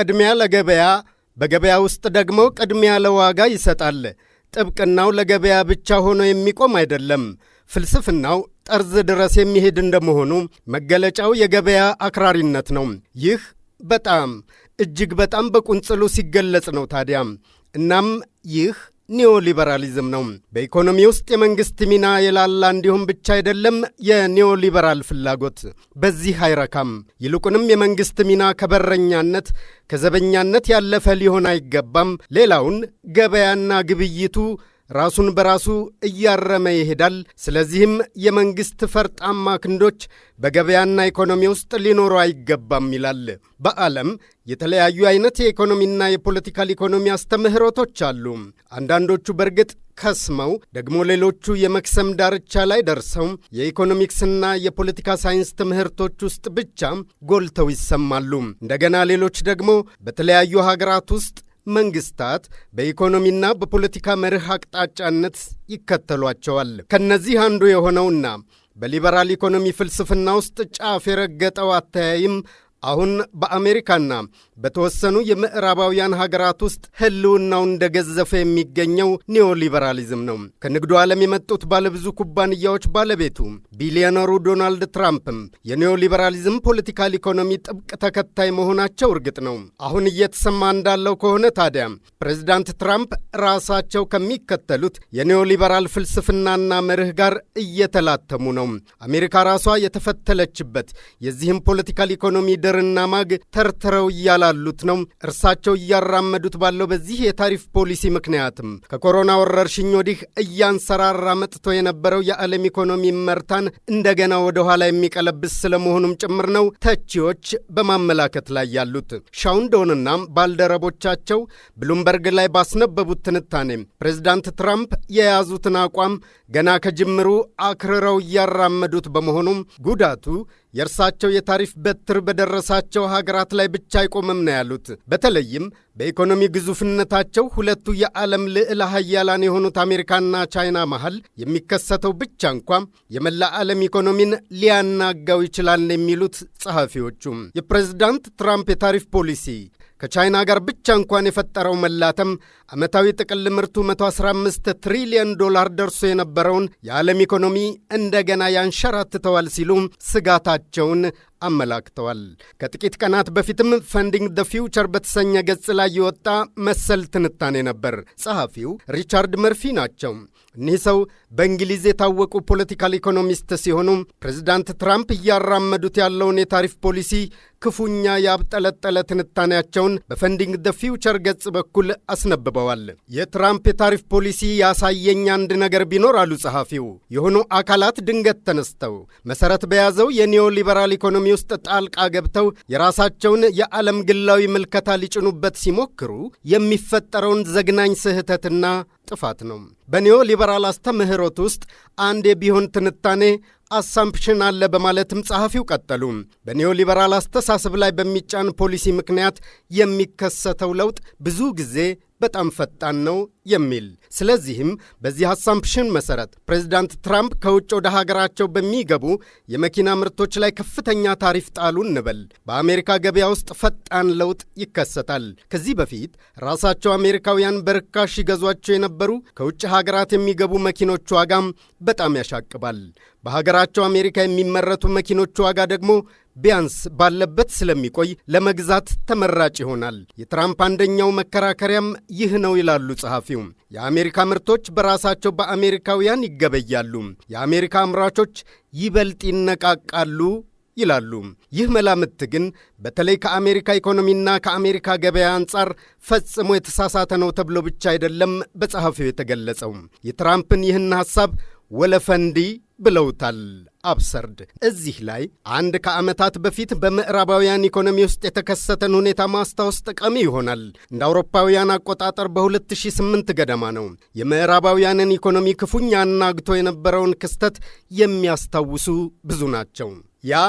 ቅድሚያ ለገበያ፣ በገበያ ውስጥ ደግሞ ቅድሚያ ለዋጋ ይሰጣል። ጥብቅናው ለገበያ ብቻ ሆኖ የሚቆም አይደለም። ፍልስፍናው ጠርዝ ድረስ የሚሄድ እንደመሆኑ መገለጫው የገበያ አክራሪነት ነው። ይህ በጣም እጅግ በጣም በቁንጽሉ ሲገለጽ ነው ታዲያ። እናም ይህ ኒዮሊበራሊዝም ነው። በኢኮኖሚ ውስጥ የመንግስት ሚና የላላ እንዲሁም ብቻ አይደለም የኒዮሊበራል ፍላጎት በዚህ አይረካም። ይልቁንም የመንግስት ሚና ከበረኛነት ከዘበኛነት ያለፈ ሊሆን አይገባም። ሌላውን ገበያና ግብይቱ ራሱን በራሱ እያረመ ይሄዳል። ስለዚህም የመንግሥት ፈርጣማ ክንዶች በገበያና ኢኮኖሚ ውስጥ ሊኖሩ አይገባም ይላል። በዓለም የተለያዩ አይነት የኢኮኖሚና የፖለቲካል ኢኮኖሚ አስተምህሮቶች አሉ። አንዳንዶቹ በእርግጥ ከስመው ደግሞ ሌሎቹ የመክሰም ዳርቻ ላይ ደርሰው የኢኮኖሚክስና የፖለቲካ ሳይንስ ትምህርቶች ውስጥ ብቻ ጎልተው ይሰማሉ። እንደገና ሌሎች ደግሞ በተለያዩ ሀገራት ውስጥ መንግስታት በኢኮኖሚና በፖለቲካ መርህ አቅጣጫነት ይከተሏቸዋል። ከነዚህ አንዱ የሆነውና በሊበራል ኢኮኖሚ ፍልስፍና ውስጥ ጫፍ የረገጠው አተያይም አሁን በአሜሪካና በተወሰኑ የምዕራባውያን ሀገራት ውስጥ ህልውናው እንደገዘፈ የሚገኘው ኒዮሊበራሊዝም ነው። ከንግዱ ዓለም የመጡት ባለብዙ ኩባንያዎች ባለቤቱ ቢሊዮነሩ ዶናልድ ትራምፕም የኒዮሊበራሊዝም ፖለቲካል ኢኮኖሚ ጥብቅ ተከታይ መሆናቸው እርግጥ ነው። አሁን እየተሰማ እንዳለው ከሆነ ታዲያ ፕሬዚዳንት ትራምፕ ራሳቸው ከሚከተሉት የኒዮሊበራል ፍልስፍናና መርህ ጋር እየተላተሙ ነው። አሜሪካ ራሷ የተፈተለችበት የዚህም ፖለቲካል ኢኮኖሚ ድርና ማግ ተርትረው እያላ ያሉት ነው። እርሳቸው እያራመዱት ባለው በዚህ የታሪፍ ፖሊሲ ምክንያትም ከኮሮና ወረርሽኝ ወዲህ እያንሰራራ መጥቶ የነበረው የዓለም ኢኮኖሚ መርታን እንደገና ወደ ኋላ የሚቀለብስ ስለመሆኑም ጭምር ነው ተቺዎች በማመላከት ላይ ያሉት። ሻውንዶንና ባልደረቦቻቸው ብሉምበርግ ላይ ባስነበቡት ትንታኔ ፕሬዚዳንት ትራምፕ የያዙትን አቋም ገና ከጅምሩ አክርረው እያራመዱት በመሆኑም ጉዳቱ የእርሳቸው የታሪፍ በትር በደረሳቸው ሀገራት ላይ ብቻ አይቆምም ነው ያሉት። በተለይም በኢኮኖሚ ግዙፍነታቸው ሁለቱ የዓለም ልዕለ ሀያላን የሆኑት አሜሪካና ቻይና መሃል የሚከሰተው ብቻ እንኳ የመላ ዓለም ኢኮኖሚን ሊያናጋው ይችላል የሚሉት ጸሐፊዎቹም የፕሬዝዳንት ትራምፕ የታሪፍ ፖሊሲ ከቻይና ጋር ብቻ እንኳን የፈጠረው መላተም ዓመታዊ ጥቅል ምርቱ 115 ትሪሊየን ዶላር ደርሶ የነበረውን የዓለም ኢኮኖሚ እንደገና ያንሸራትተዋል ሲሉ ስጋታቸውን አመላክተዋል። ከጥቂት ቀናት በፊትም ፈንዲንግ ደ ፊውቸር በተሰኘ ገጽ ላይ የወጣ መሰል ትንታኔ ነበር። ጸሐፊው ሪቻርድ መርፊ ናቸው። እኒህ ሰው በእንግሊዝ የታወቁ ፖለቲካል ኢኮኖሚስት ሲሆኑ ፕሬዚዳንት ትራምፕ እያራመዱት ያለውን የታሪፍ ፖሊሲ ክፉኛ ያብጠለጠለ ትንታኔያቸውን በፈንዲንግ ደ ፊውቸር ገጽ በኩል አስነብበዋል። የትራምፕ የታሪፍ ፖሊሲ ያሳየኝ አንድ ነገር ቢኖር አሉ ጸሐፊው፣ የሆኑ አካላት ድንገት ተነስተው መሠረት በያዘው የኒዮ ሊበራል ኢኮኖሚ ውስጥ ጣልቃ ገብተው የራሳቸውን የዓለም ግላዊ ምልከታ ሊጭኑበት ሲሞክሩ የሚፈጠረውን ዘግናኝ ስህተትና ጥፋት ነው። በኒዮ ሊበራል አስተምህሮት ውስጥ አንዴ ቢሆን ትንታኔ አሳምፕሽን አለ በማለትም ጸሐፊው ቀጠሉ። በኒዮ ሊበራል አስተሳሰብ ላይ በሚጫን ፖሊሲ ምክንያት የሚከሰተው ለውጥ ብዙ ጊዜ በጣም ፈጣን ነው የሚል። ስለዚህም በዚህ አሳምፕሽን መሰረት ፕሬዚዳንት ትራምፕ ከውጭ ወደ ሀገራቸው በሚገቡ የመኪና ምርቶች ላይ ከፍተኛ ታሪፍ ጣሉ እንበል። በአሜሪካ ገበያ ውስጥ ፈጣን ለውጥ ይከሰታል። ከዚህ በፊት ራሳቸው አሜሪካውያን በርካሽ ይገዟቸው የነበሩ ከውጭ ሀገራት የሚገቡ መኪኖች ዋጋም በጣም ያሻቅባል። በሀገራቸው አሜሪካ የሚመረቱ መኪኖች ዋጋ ደግሞ ቢያንስ ባለበት ስለሚቆይ ለመግዛት ተመራጭ ይሆናል። የትራምፕ አንደኛው መከራከሪያም ይህ ነው ይላሉ ጸሐፊው። የአሜሪካ ምርቶች በራሳቸው በአሜሪካውያን ይገበያሉ፣ የአሜሪካ አምራቾች ይበልጥ ይነቃቃሉ ይላሉ። ይህ መላምት ግን በተለይ ከአሜሪካ ኢኮኖሚና ከአሜሪካ ገበያ አንጻር ፈጽሞ የተሳሳተ ነው ተብሎ ብቻ አይደለም በጸሐፊው የተገለጸው። የትራምፕን ይህን ሐሳብ ወለፈንዲ ብለውታል። አብሰርድ እዚህ ላይ አንድ ከዓመታት በፊት በምዕራባውያን ኢኮኖሚ ውስጥ የተከሰተን ሁኔታ ማስታወስ ጠቃሚ ይሆናል። እንደ አውሮፓውያን አቆጣጠር በ2008 ገደማ ነው የምዕራባውያንን ኢኮኖሚ ክፉኛ አናግቶ የነበረውን ክስተት የሚያስታውሱ ብዙ ናቸው። ያ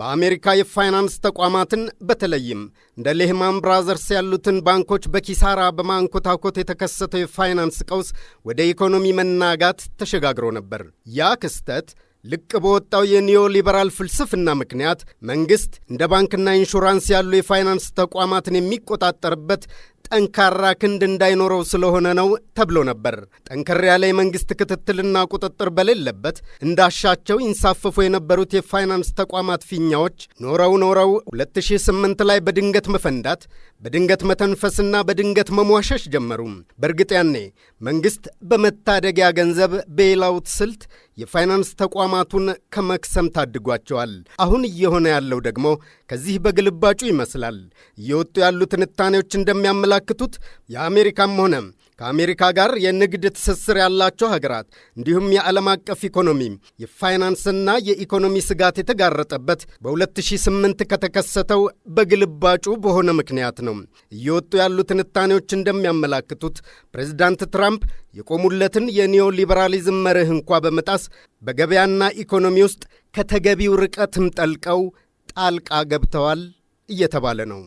በአሜሪካ የፋይናንስ ተቋማትን በተለይም እንደ ሌህማን ብራዘርስ ያሉትን ባንኮች በኪሳራ በማንኮታኮት የተከሰተው የፋይናንስ ቀውስ ወደ ኢኮኖሚ መናጋት ተሸጋግሮ ነበር። ያ ክስተት ልቅ በወጣው የኒዮ ሊበራል ፍልስፍና ምክንያት መንግሥት እንደ ባንክና ኢንሹራንስ ያሉ የፋይናንስ ተቋማትን የሚቆጣጠርበት ጠንካራ ክንድ እንዳይኖረው ስለሆነ ነው ተብሎ ነበር። ጠንከር ያለ የመንግሥት ክትትልና ቁጥጥር በሌለበት እንዳሻቸው ይንሳፈፉ የነበሩት የፋይናንስ ተቋማት ፊኛዎች ኖረው ኖረው 2008 ላይ በድንገት መፈንዳት፣ በድንገት መተንፈስና በድንገት መሟሸሽ ጀመሩ። በእርግጥ ያኔ መንግሥት በመታደጊያ ገንዘብ ቤላውት ስልት የፋይናንስ ተቋማቱን ከመክሰም ታድጓቸዋል። አሁን እየሆነ ያለው ደግሞ ከዚህ በግልባጩ ይመስላል። እየወጡ ያሉ ትንታኔዎች እንደሚያመላ የሚያመላክቱት የአሜሪካም ሆነ ከአሜሪካ ጋር የንግድ ትስስር ያላቸው ሀገራት እንዲሁም የዓለም አቀፍ ኢኮኖሚ የፋይናንስና የኢኮኖሚ ስጋት የተጋረጠበት በ2008 ከተከሰተው በግልባጩ በሆነ ምክንያት ነው። እየወጡ ያሉ ትንታኔዎች እንደሚያመላክቱት ፕሬዚዳንት ትራምፕ የቆሙለትን የኒዮ ሊበራሊዝም መርህ እንኳ በመጣስ በገበያና ኢኮኖሚ ውስጥ ከተገቢው ርቀትም ጠልቀው ጣልቃ ገብተዋል እየተባለ ነው።